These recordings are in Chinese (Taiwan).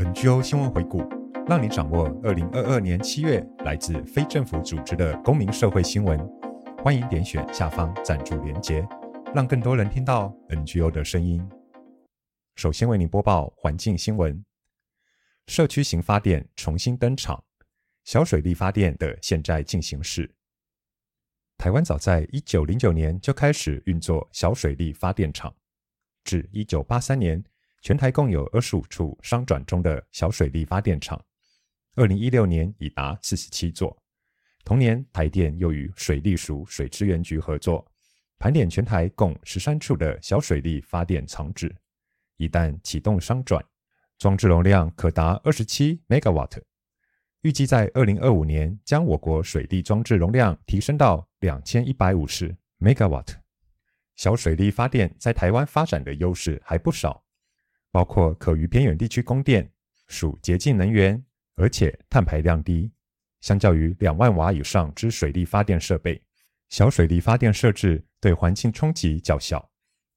NGO 新聞回顧，讓你掌握二零二二年七月來自非政府組織的公民社會新聞。歡迎點選下方贊助連結，讓更多人聽到 NGO 的聲音。首先為您播報環境新聞：社區型發電重新登場，小水力發電的現在進行式。台灣早在一九零九年就開始運作小水力發電廠，至一九八三年。全台共有二十五處商轉中的小水力發電廠，二零一六年已達四十七座。同年，台電又與水利署水資源局合作，盤點全台共十三處的小水力發電廠址。一旦啟動商轉，裝置容量可達二十七 megawatt，預計在二零二五年，將我國水力裝置容量提升到兩千一百五十 megawatt。小水力發電在台灣發展的優勢還不少。包括可於偏遠地區供電，屬潔淨能源，而且碳排量低。相較於兩萬瓦以上之水力發電設備，小水力發電設置對環境衝擊較小。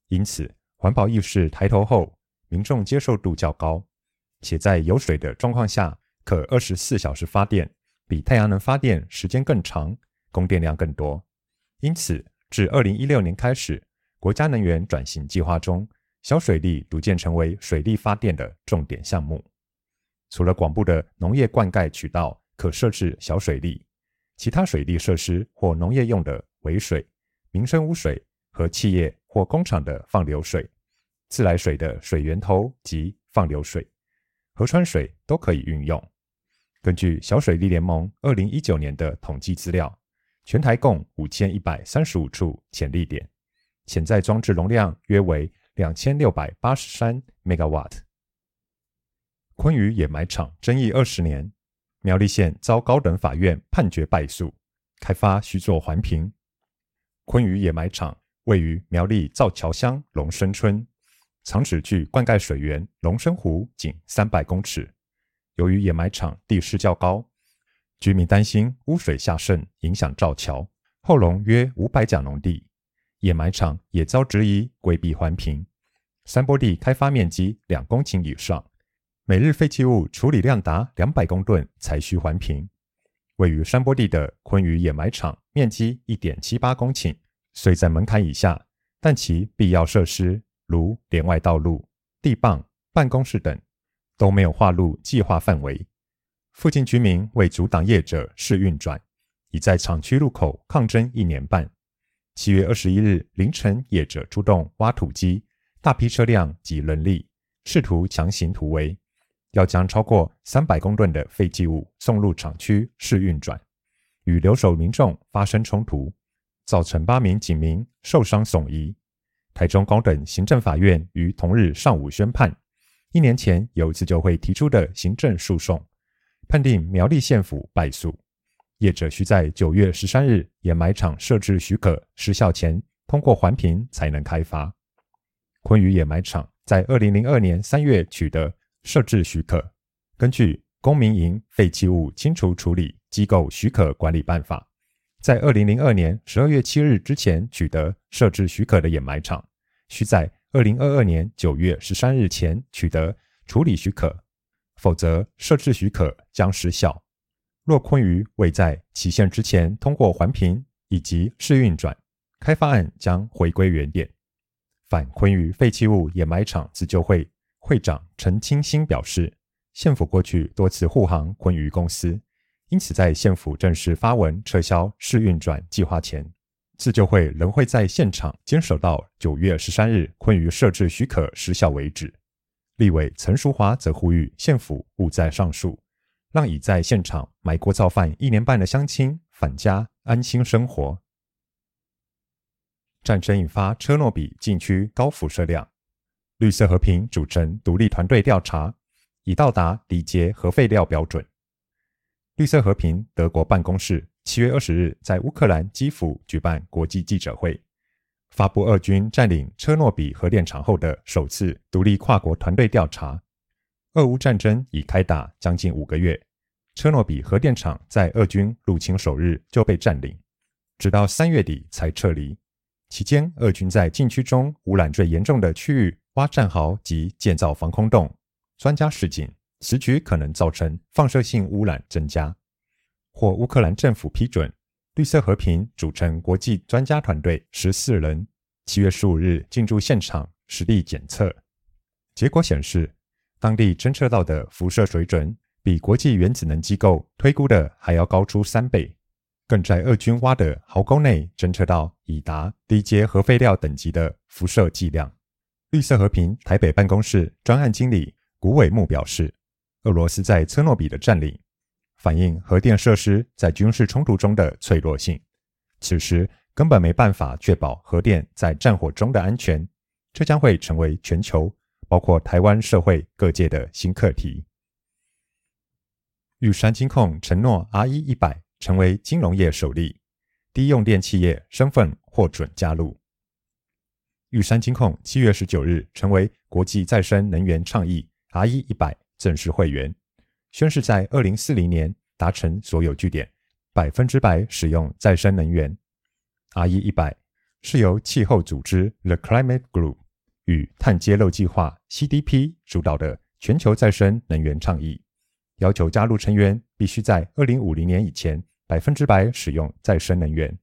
因此，環保意識抬頭後，民眾接受度較高。且在有水的狀況下，可二十四小時發電，比太陽能發電時間更長，供電量更多。因此，至二零一六年開始，國家能源轉型計劃中，小水力逐漸成為水力發電的重點項目。除了廣布的農業灌溉渠道，可設置小水力，其他水利設施或農業用的尾水、民生汙水和企業或工廠的放流水、自來水的水源頭及放流水、河川水都可以運用。根據小水力聯盟二零一九年的統計資料，全台共五千一百三十五處潛力點，潛在裝置容量約為。兩千六百八十三兆瓦。坤輿掩埋場爭議二十年，苗栗縣遭高等法院判決敗訴，開發須做環評。坤輿掩埋場位於苗栗造橋鄉龍昇村，廠址距灌溉水源龍昇湖僅三百公尺。由於掩埋場地勢較高，居民擔心污水下滲影響造橋後龍約五百甲農地。掩埋場也遭質疑，規避環評。山坡地開發面積兩公頃以上，每日廢棄物處理量達兩百公噸，才需環評。位於山坡地的坤輿掩埋場，面積一點七八公頃，雖在門檻以下，但其必要設施如連外道路、地磅、辦公室等，都沒有劃入計劃範圍。附近居民為阻擋業者試運轉，已在廠區入口抗爭一年半。七月二十一日凌晨，業者出動挖土機、大批車輛及人力，試圖強行突圍，要將超過三百公噸的廢棄物送入廠區試運轉，與留守民眾發生衝突，造成八名警民受傷送醫。台中高等行政法院於同日上午宣判，一年前由自救會提出的行政訴訟，判定苗栗縣府敗訴。業者需在九月十三日掩埋場設置許可失效前通過環評才能開發。坤輿掩埋場在二零零二年三月取得設置許可。根據《公民營廢棄物清除處理機構許可管理辦法》，在二零零二年十二月七日之前取得設置許可的掩埋場，需在二零二二年九月十三日前取得處理許可，否則設置許可將失效。若坤輿未在期限之前通過環評以及試運轉，開發案將回歸原點。反坤輿廢棄物掩埋場自救會會長陳清新表示，縣府過去多次護航坤輿公司，因此在縣府正式發文撤銷試運轉計劃前，自救會仍會在現場堅守到九月十三日坤輿設置許可時效為止。立委陳淑華則呼籲縣府勿再上訴。讓已在現場埋鍋造飯一年半的鄉親返家安心生活。戰爭引發車諾比禁區高輻射量，綠色和平組成獨立團隊調查，已達到低階核廢料標準。綠色和平德國辦公室七月二十日在烏克蘭基輔舉辦國際記者會，發布俄軍佔領車諾比核電廠後的首次獨立跨國團隊調查。俄烏戰爭已開打將近五個月，車諾比核電廠在俄軍入侵首日就被佔領，直到三月底才撤離。期間，俄軍在禁區中汙染最嚴重的區域挖戰壕及建造防空洞。專家示警，此舉可能造成放射性汙染增加。獲烏克蘭政府批准，綠色和平組成國際專家團隊十四人，七月十五日進駐現場實地檢測，結果顯示，當地偵測到的輻射水準比國際原子能機構推估的還要高出三倍，更在俄軍挖的壕溝內偵測到已達低階核廢料等級的輻射劑量。綠色和平台北辦公室專案經理古偉木表示：“俄羅斯在車諾比的佔領，反映核電設施在軍事衝突中的脆弱性。此時根本沒辦法確保核電在戰火中的安全，這將會成為全球。”包括台灣社會各界的新課題。玉山金控承諾 RE100 成為金融業首例，低用電企業身份獲准加入。玉山金控七月十九日成為國際再生能源倡議 RE100 正式會員，宣誓，在二零四零年達成所有據點，百分之百使用再生能源。RE100 是由氣候組織 The Climate Group。與碳揭露計劃 （CDP） 主導的全球再生能源倡議，要求加入成員必須在二零五零年以前百分之百使用再生能源。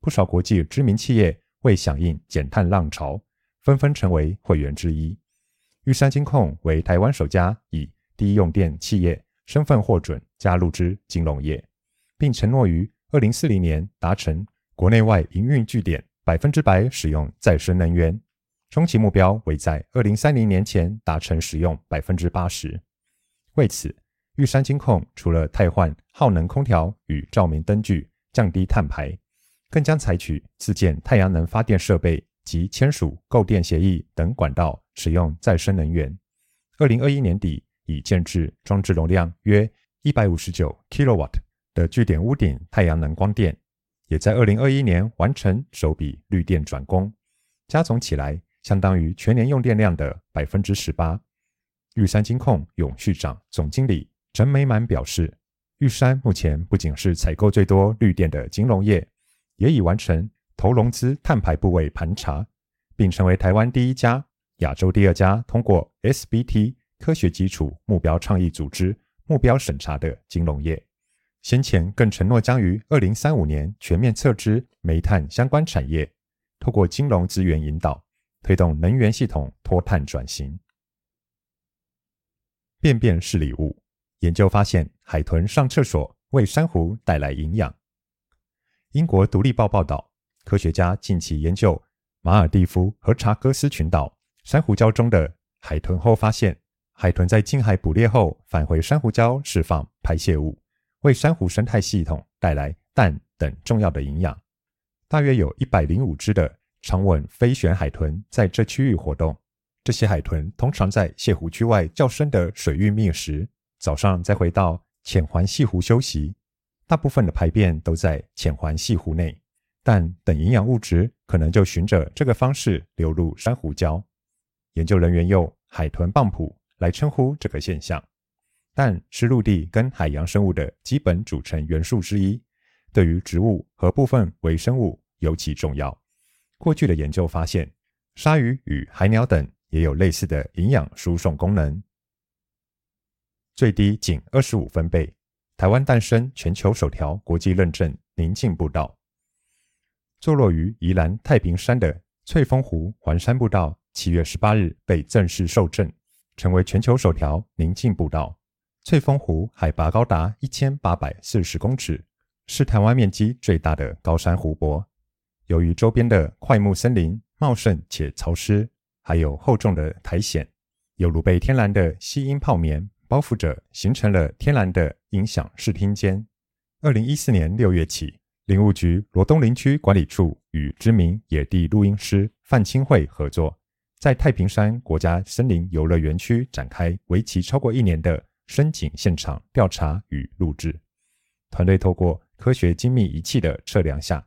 不少國際知名企業為響應減碳浪潮，紛紛成為會員之一。玉山金控為台灣首家以低用電企業身份獲准加入之金融業，並承諾於二零四零年達成國內外營運據點百分之百使用再生能源。中期目標為在二零三零年前達成使用百分之八十。為此，玉山金控除了汰換耗能空調與照明燈具，降低碳排，更將採取自建太陽能發電設備及簽署購電協議等管道使用再生能源。二零二一年底已建置裝置容量約一百五十九 kWatt 的據點屋頂太陽能光電，也在二零二一年完成首筆綠電轉供，加總起來。相當於全年用電量的百分之十八。玉山金控永續長總經理陳美滿表示，玉山目前不僅是採購最多綠電的金融業，也已完成投融資碳排部位盤查，並成為台灣第一家、亞洲第二家通過 SBT 科學基礎目標倡議組織目標審查的金融業。先前更承諾將於二零三五年全面撤資煤炭相關產業，透過金融資源引導。推動能源系統脫碳轉型。便便是禮物。研究發現，海豚上廁所為珊瑚帶來營養。英國《獨立報》報道，科學家近期研究馬爾地夫和查戈斯群島珊瑚礁中的海豚後發現，海豚在近海捕獵後返回珊瑚礁，釋放排泄物，為珊瑚生態系統帶來氮等重要的營養。大約有一百零五只的。常吻飛旋海豚在這區域活動。這些海豚通常在瀉湖區外較深的水域覓食，早上再回到淺環瀉湖休息。大部分的排便都在淺環瀉湖內，氮等營養物質可能就循着這個方式流入珊瑚礁。研究人員用“海豚泵浦”來稱呼這個現象。氮是陸地跟海洋生物的基本組成元素之一，對於植物和部分微生物尤其重要。過去的研究發現，鯊魚與海鳥等也有類似的營養輸送功能。最低僅二十五分貝，臺灣誕生全球首條國際認證寧靜步道，坐落於宜蘭太平山的翠峰湖環山步道，七月十八日被正式授證，成為全球首條寧靜步道。翠峰湖海拔高達一千八百四十公尺，是台灣面積最大的高山湖泊。由於周邊的檜木森林茂盛且潮濕，還有厚重的苔蘚，猶如被天然的吸音泡棉包覆着，形成了天然的音響視聽間。二零一四年六月起，林務局羅東林區管理處與知名野地錄音師范欽慧合作，在太平山國家森林遊樂園區展開為期超過一年的聲景現場調查與錄制。團隊透過科學精密儀器的測量下。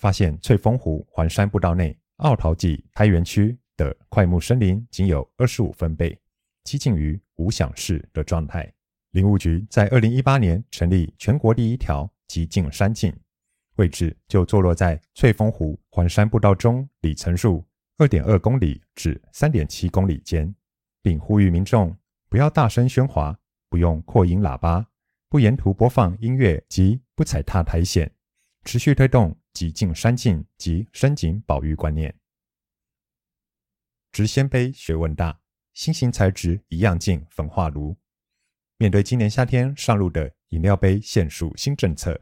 發現翠峰湖環山步道內，奧陶紀苔原區的檜木森林僅有二十五分貝，接近於無響室的狀態。林務局在二零一八年成立全國第一條寂靜山徑，位置就坐落在翠峰湖環山步道中，里程數二點二公里至三點七公里間，並呼籲民眾不要大聲喧嘩，不用擴音喇叭，不沿途播放音樂及不踩踏苔蘚，持續推動。即進山進，及山景保育觀念。植纖杯學問大，新型材質一樣進焚化爐。面對今年夏天上路的飲料杯限塑新政策，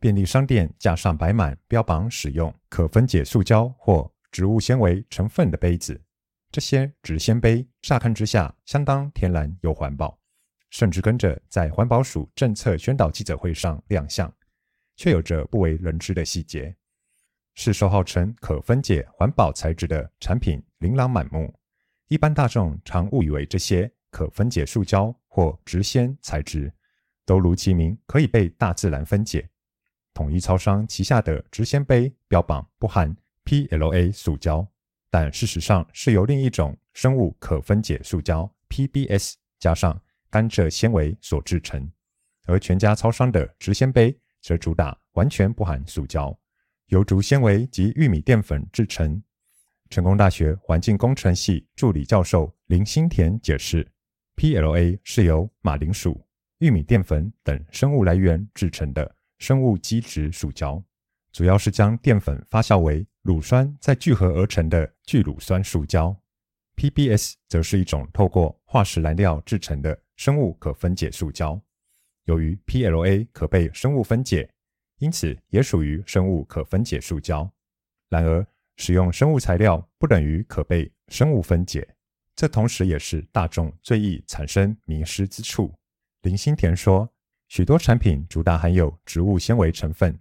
便利商店架上擺滿標榜使用可分解塑膠或植物纖維成分的杯子，這些植纖杯乍看之下相當天然又環保，甚至跟着在環保署政策宣導記者會上亮相。卻有着不為人知的細節。市售號稱可分解環保材質的產品琳琅滿目，一般大眾常誤以為這些可分解塑膠或植纖材質都如其名，可以被大自然分解。統一超商旗下的植纖杯標榜不含 PLA 塑膠，但事實上是由另一種生物可分解塑膠 PBS 加上甘蔗纖維所製成，而全家超商的植纖杯則主打完全不含塑膠，由竹纖維及玉米澱粉制成。成功大學環境工程系助理教授林新田解釋，PLA 是由馬鈴薯、玉米澱粉等生物來源制成的生物基質塑膠，主要是將澱粉發酵為乳酸，再聚合而成的聚乳酸塑膠。PBS 則是一種透過化石燃料制成的生物可分解塑膠。由於 PLA 可被生物分解，因此也屬於生物可分解塑膠。然而，使用生物材料不等於可被生物分解，這同時也是大眾最易產生迷失之處。林心田說，許多產品主打含有植物纖維成分，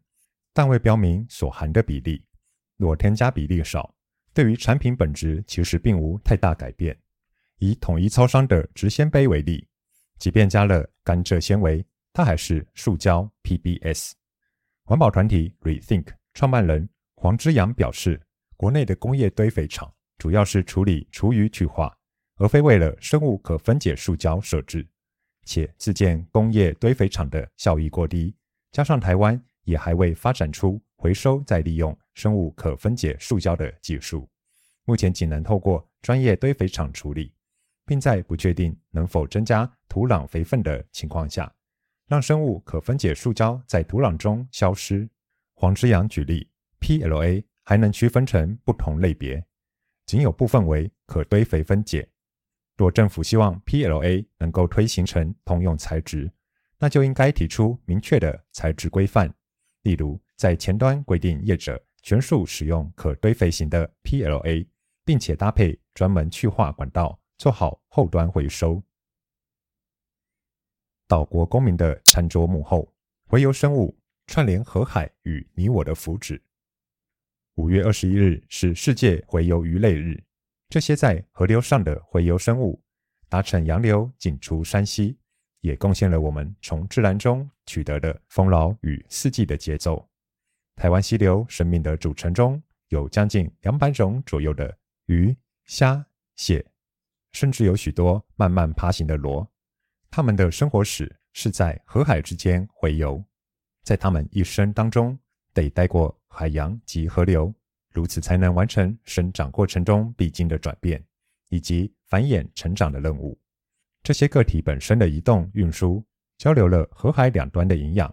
但未標明所含的比例，若添加比例少，對於產品本質其實並無太大改變。以統一超商的植纖杯為例，即便加了甘蔗纖維，它還是塑膠 PBS。環保團體 Rethink 創辦人黃之揚表示，國內的工業堆肥廠主要是處理廚餘去化，而非為了生物可分解塑膠設置，且自建工業堆肥廠的效益過低，加上台灣也還未發展出回收再利用生物可分解塑膠的技術，目前僅能透過專業堆肥廠處理，並在不確定能否增加土壤肥分的情況下。讓生物可分解塑膠在土壤中消失。黃之陽舉例，PLA 還能區分成不同類別，僅有部分為可堆肥分解。若政府希望 PLA 能夠推行成通用材質，那就應該提出明確的材質規範，例如在前端規定業者全數使用可堆肥型的 PLA，並且搭配專門去化管道，做好後端回收。島國公民的餐桌幕後，洄游生物串聯河海與你我的福祉。五月二十一日是世界洄游魚類日，這些在河流上的洄游生物，搭乘洋流進出山溪，也貢獻了我們從自然中取得的豐饒與四季的節奏。台灣溪流生命的組成中有將近兩百種左右的魚、蝦、蟹，甚至有許多慢慢爬行的螺。他們的生活史是在河海之間洄游，在他們一生當中得待過海洋及河流，如此才能完成生長過程中必經的轉變，以及繁衍成長的任務。這些個體本身的移動、運輸、交流了河海兩端的營養。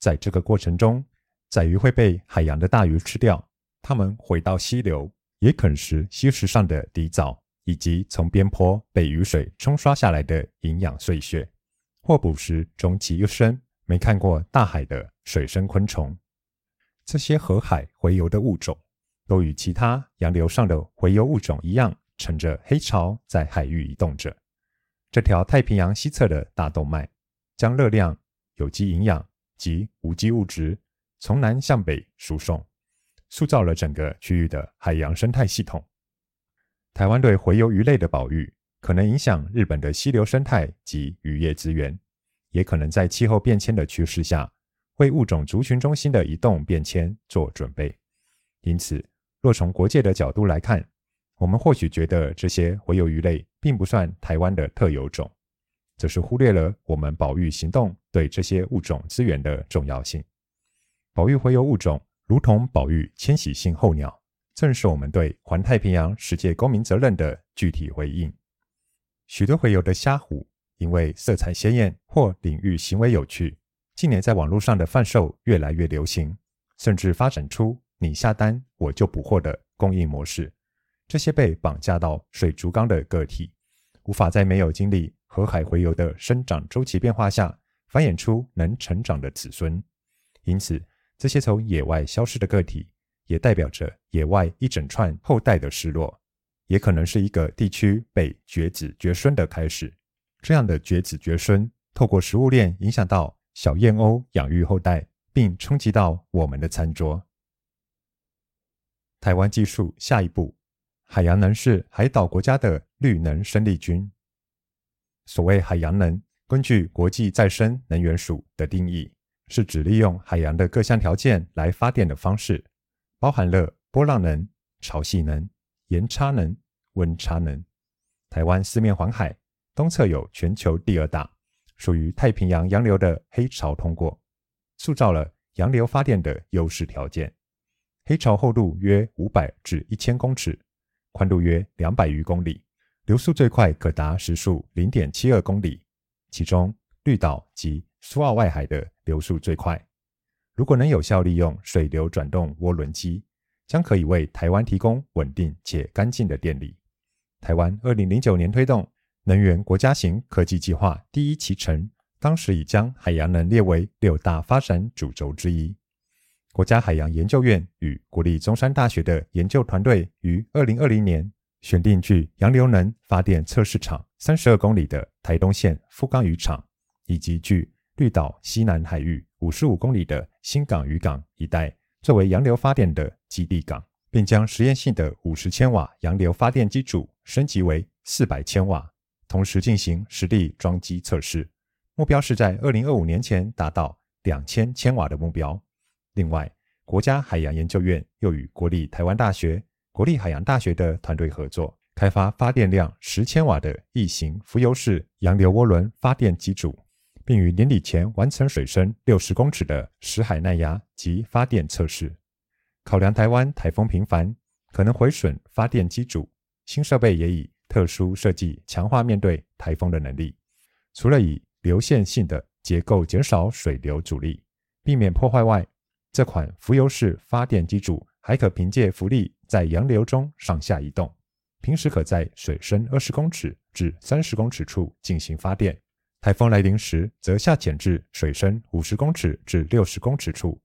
在這個過程中，仔魚會被海洋的大魚吃掉。它們回到溪流，也啃食溪石上的底藻，以及從邊坡被雨水沖刷下來的營養碎屑，或捕食終其一生沒看過大海的水生昆蟲，這些河海洄游的物種，都與其他洋流上的洄游物種一樣，乘着黑潮在海域移動着。這條太平洋西側的大動脈，將熱量、有機營養及無機物質從南向北輸送，塑造了整個區域的海洋生態系統。台灣對洄游魚類的保育，可能影響日本的溪流生態及漁業資源，也可能在氣候變遷的趨勢下，為物種族群中心的移動變遷做準備。因此，若從國界的角度來看，我們或許覺得這些洄游魚類並不算台灣的特有種，這是忽略了我們保育行動對這些物種資源的重要性。保育洄游物種，如同保育遷徙性候鳥。正是我們對環太平洋世界公民責任的具體回應。許多洄游的蝦虎因為色彩鮮豔或領域行為有趣，近年在網絡上的販售越來越流行，甚至發展出“你下單我就捕獲”的供應模式。這些被綁架到水族缸的個體，無法在沒有經歷河海洄游的生長週期變化下繁衍出能成長的子孫，因此這些從野外消失的個體，也代表着野外一整串後代的失落，也可能是一個地區被絕子絕孫的開始。這樣的絕子絕孫，透過食物鏈影響到小燕鷗養育後代，並衝擊到我們的餐桌。台灣技術下一步，海洋能是海島國家的綠能生力軍。所謂海洋能，根據國際再生能源署的定義，是指利用海洋的各項條件來發電的方式。包含了波浪能、潮汐能、鹽差能、溫差能。台灣四面環海，東側有全球第二大、屬於太平洋洋流的黑潮通過，塑造了洋流發電的優勢條件。黑潮厚度約五百至一千公尺，寬度約兩百餘公里，流速最快可達時速零點七二公里，其中綠島及蘇澳外海的流速最快。如果能有效利用水流轉動渦輪機，將可以為台灣提供穩定且乾淨的電力。台灣二零零九年推動能源國家型科技計劃第一期程，當時已將海洋能列為六大發展主軸之一。國家海洋研究院與國立中山大學的研究團隊於二零二零年選定距洋流能發電測試場三十二公里的台東縣富岡漁場，以及距綠島西南海域五十五公里的新港漁港一帶，作為洋流發電的基地港，並將實驗性的五十千瓦洋流發電機組升級為四百千瓦，同時進行實地裝機測試。目標是在二零二五年前達到兩千千瓦的目標。另外，國家海洋研究院又與國立台灣大學、國立海洋大學的團隊合作，開發發電量十千瓦的異型浮游式洋流渦輪發電機組。並於年底前完成水深六十公尺的石海耐壓及發電測試。考量台灣颱風頻繁，可能毀損發電機組，新設備也以特殊設計強化面對颱風的能力。除了以流線性的結構減少水流阻力，避免破壞外，這款浮游式發電機組還可憑借浮力在洋流中上下移動，平時可在水深二十公尺至三十公尺處進行發電。颱風來臨時，則下潛至水深五十公尺至六十公尺處，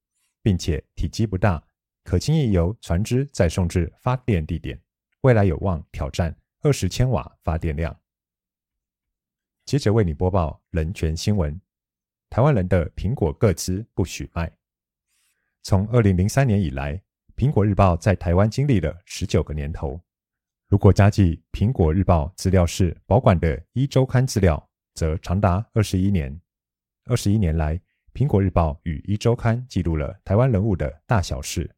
並且體積不大，可輕易由船隻再送至發電地點。未來有望挑戰二十千瓦發電量。接着為你播報人權新聞：台灣人的蘋果個資不許賣。從二零零三年以來，蘋果日報在台灣經歷了十九個年頭。如果加計蘋果日報資料室保管的一週刊資料。則長達二十一年。二十一年來，《蘋果日報》與《壹週刊》記錄了台灣人物的大小事，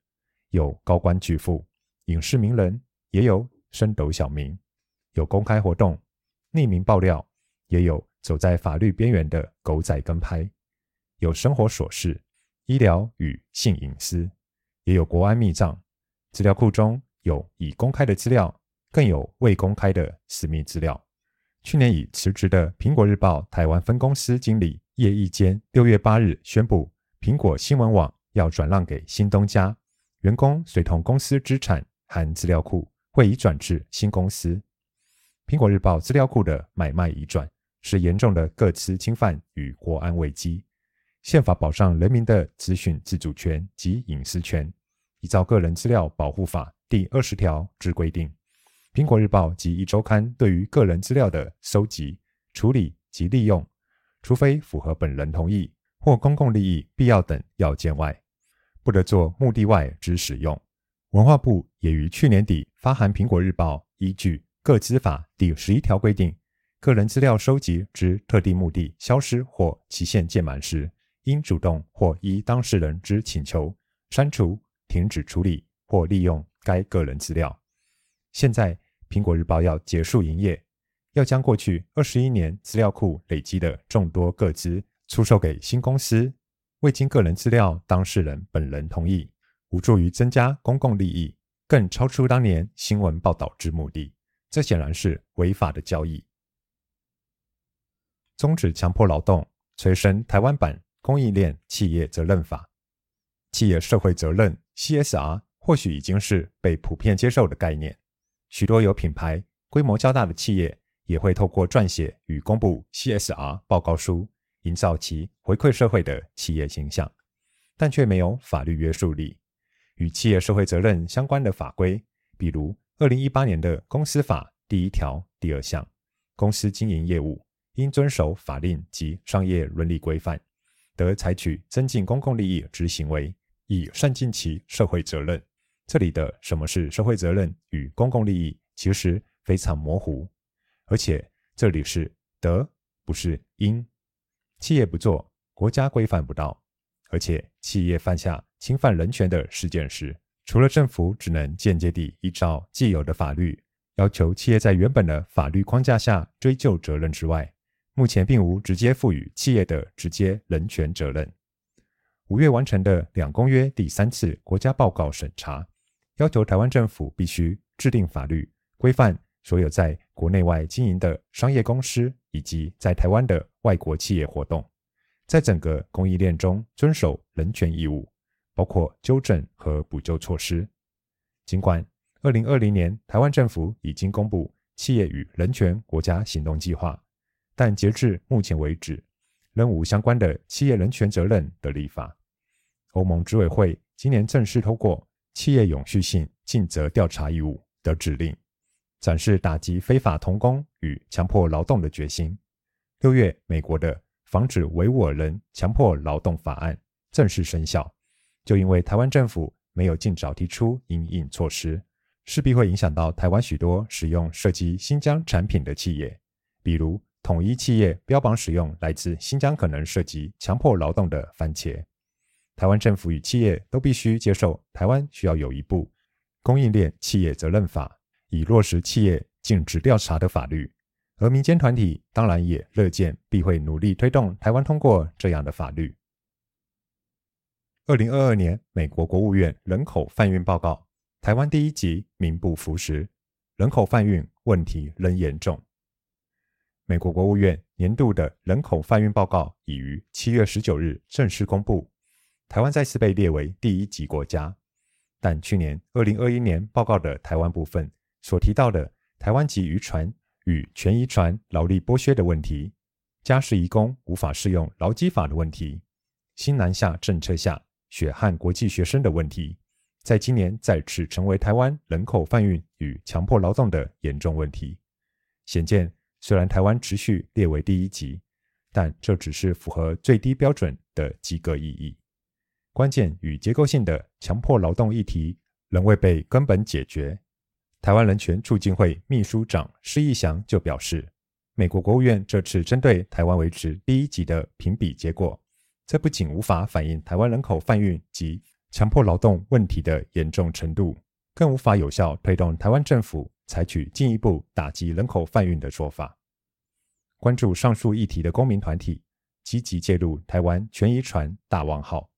有高官巨富、影視名人，也有升斗小民；有公開活動、匿名爆料，也有走在法律邊緣的狗仔跟拍；有生活瑣事、醫療與性隱私，也有國安密賬。資料庫中有已公開的資料，更有未公開的私密資料。去年已辭職的蘋果日報台灣分公司經理葉義堅，六月八日宣布，蘋果新聞網要轉讓給新東家，員工隨同公司資產含資料庫會移轉至新公司。蘋果日報資料庫的買賣移轉是嚴重的個資侵犯與國安危機。憲法保障人民的資訊自主權及隱私權，依照《個人資料保護法》第二十條之規定。《蘋果日報》及一周刊對於個人資料的收集、處理及利用，除非符合本人同意或公共利益必要等要件外，不得做目的外之使用。文化部也於去年底發函《蘋果日報》，依據《個資法》第十一條規定，個人資料收集之特定目的消失或期限屆滿時，應主動或依當事人之請求刪除、停止處理或利用該個人資料。現在，蘋果日報要結束營業，要將過去二十一年資料庫累積的眾多個資出售給新公司，未經個人資料當事人本人同意，無助於增加公共利益，更超出當年新聞報道之目的，這顯然是違法的交易。終止強迫勞動，催生台灣版供應鏈企業責任法。企業社會責任 （CSR） 或許已經是被普遍接受的概念。許多有品牌、規模較大的企業也會透過撰寫與公布 CSR 報告書，營造其回饋社會的企業形象，但卻沒有法律約束力。與企業社會責任相關的法規，比如2018年的《公司法》第一條第二項，公司經營業務應遵守法令及商業倫理規範，得採取增進公共利益之行為，以善盡其社會責任。這裡的什麼是社會責任與公共利益，其實非常模糊，而且這裡是得，不是應，企業不做，國家規範不到，而且企業犯下侵犯人權的事件時，除了政府只能間接地依照既有的法律，要求企業在原本的法律框架下追究責任之外，目前並無直接賦予企業的直接人權責任。五月完成的兩公約第三次國家報告審查。要求台灣政府必須制定法律規範所有在國內外經營的商業公司，以及在台灣的外國企業活動，在整個供應鏈中遵守人權義務，包括糾正和補救措施。儘管2020年台灣政府已經公布《企業與人權國家行動計劃》，但截至目前為止，仍無相關的企業人權責任的立法。歐盟執委會今年正式通過。企業永續性盡責調查義務的指令，展示打擊非法童工與強迫勞動的決心。六月，美國的防止維吾爾人強迫勞動法案正式生效。就因為台灣政府沒有盡早提出因應措施，勢必會影響到台灣許多使用涉及新疆產品的企業，比如統一企業標榜使用來自新疆可能涉及強迫勞動的番茄。台灣政府與企業都必須接受，台灣需要有一部供應鏈企業責任法，以落實企業盡職調查的法律。而民間團體當然也樂見，必會努力推動台灣通過這樣的法律。二零二二年美國國務院人口販運報告，台灣第一級名不符實，人口販運問題仍嚴重。美國國務院年度的人口販運報告已於七月十九日正式公布。台灣再次被列為第一級國家，但去年二零二一年報告的台灣部分所提到的台灣籍漁船與全漁船勞力剝削的問題，家事移工無法適用勞基法的問題，新南下政策下血汗國際學生的問題，在今年再次成為台灣人口販運與強迫勞，勞動的嚴重問題。顯見，雖然台灣持續列為第一級，但這只是符合最低標準的及格意義。關鍵與結構性的強迫勞動議題仍未被根本解決。台灣人權促進會秘書長施逸翔就表示，美國國務院這次針對台灣維持第一級的評比結果，這不僅無法反映台灣人口販運及強迫勞動問題的嚴重程度，更無法有效推動台灣政府採取進一步打擊人口販運的做法。關注上述議題的公民團體積極介入台灣全漁船大王號。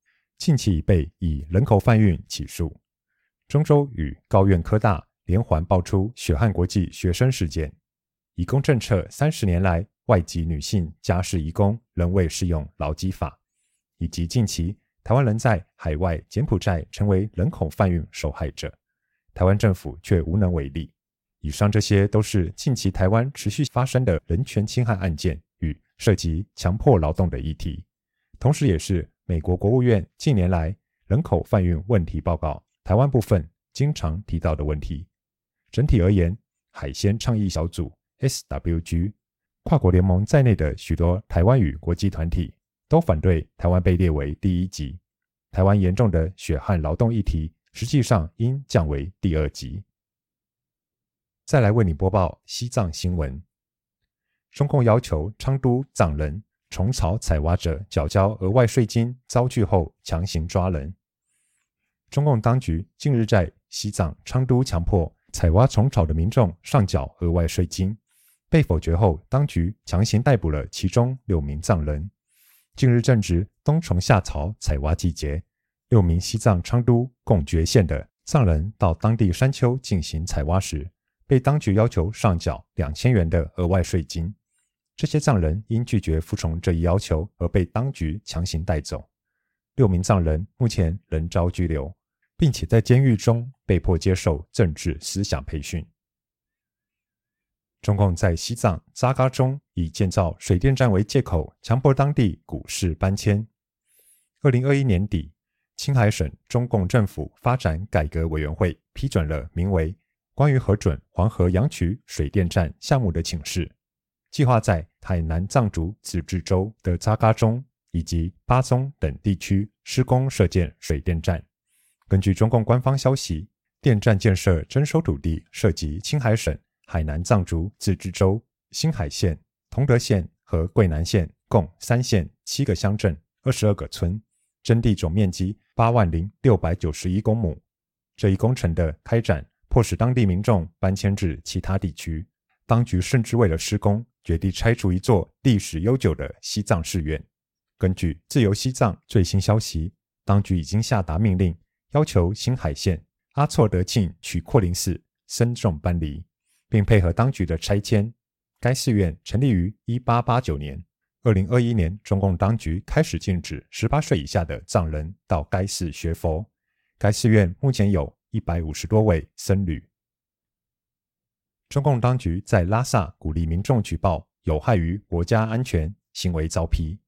近期已被以人口販運起訴。中州與高苑科大連環爆出血汗國際學生事件，移工政策三十年來外籍女性家事移工仍未適用勞基法，以及近期台灣人在海外柬埔寨成為人口販運受害者，台灣政府卻無能為力。以上這些都是近期台灣持續發生的人權侵害案件與涉及強迫勞，勞動的議題，同時也是。美國國務院近年來人口販運問題報告台灣部分經常提到的問題，整體而言，海鮮倡議小組 （SWG） 跨國聯盟在內的許多台灣與國際團體都反對台灣被列為第一級。台灣嚴重的血汗勞動議題，實際上應降為第二級。再來為你播報西藏新聞，中共要求昌都藏人。蟲草採挖者繳交額外稅金遭拒後，強行抓人。中共當局近日在西藏昌都強迫採挖蟲草的民眾上繳額外稅金，被否決後，當局強行逮捕了其中六名藏人。近日正值冬蟲夏草採挖季節，六名西藏昌都貢覺縣的藏人到當地山丘進行採挖時，被當局要求上繳兩千元的額外稅金。這些藏人因拒絕服從這一要求而被當局強行帶走。六名藏人目前仍遭拘留，並且在監獄中被迫接受政治思想培訓。中共在西藏扎嘎宗以建造水電站為借口，強迫當地古寺搬遷。二零二一年底，青海省中共政府發展改革委員會批准了名為“關於核准黃河陽曲水電站項目的請示”。計劃在海南藏族自治州的扎嘎宗以及巴松等地區施工設建水電站。根據中共官方消息，電站建設徵收土地涉及青海省海南藏族自治州興海縣、同德縣和貴南縣共三縣七個鄉鎮二十二個村，徵地總面積八萬零六百九十一公畝。這一工程的開展，迫使當地民眾搬遷至其他地區。當局甚至為了施工，決定拆除一座歷史悠久的西藏寺院。根據自由西藏最新消息，當局已經下達命令，要求興海縣阿措德慶曲闊林寺僧眾搬離，並配合當局的拆遷。該寺院成立於1889年。2021年，中共當局開始禁止18歲以下的藏人到該寺學佛。該寺院目前有一百五十多位僧侶。中共當局在拉薩鼓勵民眾舉報有害於國家安全行為，遭批。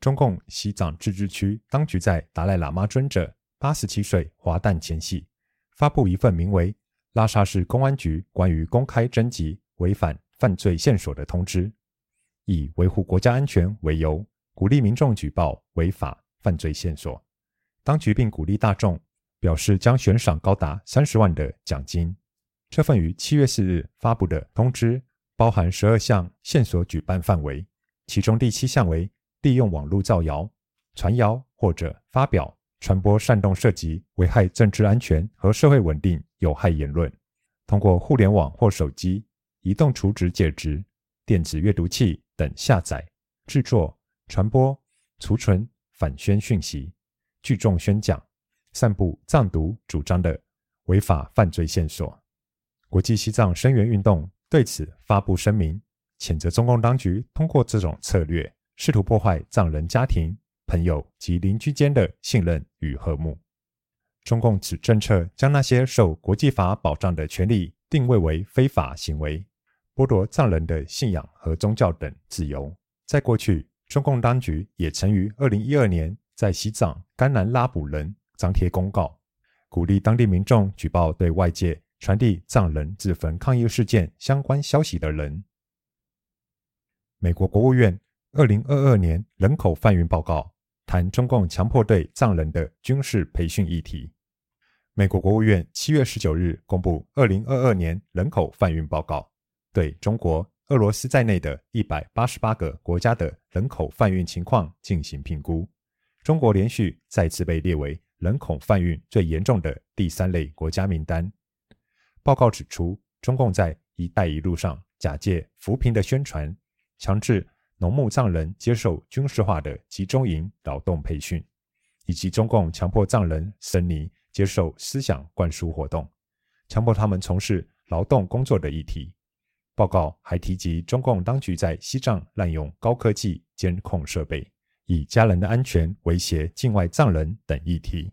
中共西藏自治區當局在達賴喇嘛尊者八十七歲華誕前夕，發布一份名為《拉薩市公安局關於公開徵集違反犯罪線索的通知》，以維護國家安全為由，鼓勵民眾舉報違法犯罪線索。當局並鼓勵大眾表示將懸賞高達三十萬的獎金。這份於七月四日發佈的通知包含十二項線索舉辦範圍，其中第七項為利用網絡造謠、傳謠或者發表、傳播、煽動涉及危害政治安全和社會穩定有害言論，通過互聯網或手機、移動儲值介質、電子閱讀器等下載、制作、傳播、儲存反宣訊息、聚眾宣講、散布藏獨主張的違法犯罪線索。國際西藏聲援運動對此發布聲明，譴責中共當局通過這種策略，試圖破壞藏人家庭、朋友及鄰居間的信任與和睦。中共此政策將那些受國際法保障的權利定位為非法行為，剝奪藏人的信仰和宗教等自由。在過去，中共當局也曾於二零一二年在西藏甘南拉卜楞張貼公告，鼓勵當地民眾舉報對外界。傳遞藏人自焚抗議事件相關消息的人。美國國務院二零二二年人口販運報告談中共強迫對藏人的軍事培訓議題。美國國務院七月十九日公布二零二二年人口販運報告，對中國、俄羅斯在內的一百八十八個國家的人口販運情況進行評估。中國連續再次被列為人口販運最嚴重的第三類國家名單。報告指出，中共在“一帶一路”上假借扶貧的宣傳，強制農牧藏人接受軍事化的集中營勞動培訓，以及中共強迫藏人僧尼接受思想灌輸活動，強迫他們從事勞動工作的議題。報告還提及中共當局在西藏濫用高科技監控設備，以家人的安全威脅境外藏人等議題。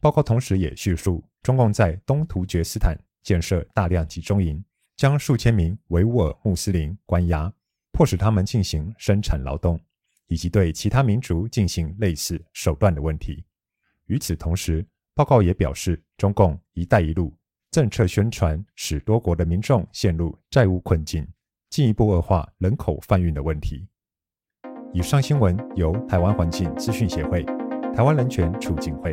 報告同時也敘述中共在東突厥斯坦。建設大量集中營，將數千名維吾爾穆斯林關押，迫使他們進行生產勞動，以及對其他民族進行類似手段的問題。與此同時，報告也表示，中共“一帶一路”政策宣傳使多國的民眾陷入債務困境，進一步惡化人口販運的問題。以上新聞由台灣環境資訊協會、台灣人權促進會、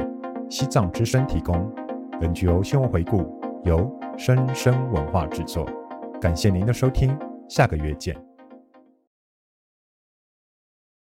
西藏之聲提供。NGO 新聞回顧。由生聲文化製作，感謝您的收聽，下個月見。